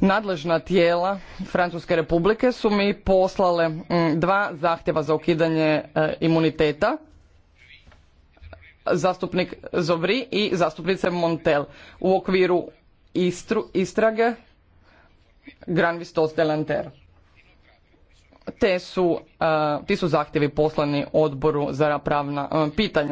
Nadležna tijela Francuske republike su mi poslale mm, dva zahtjeva za ukidanje e, imuniteta. Zastupnik Zovri i zastupnice Montel u okviru istrage Gran Vistos de Lanter. Te e, ti su zahtjevi poslani odboru za pravna e, pitanja.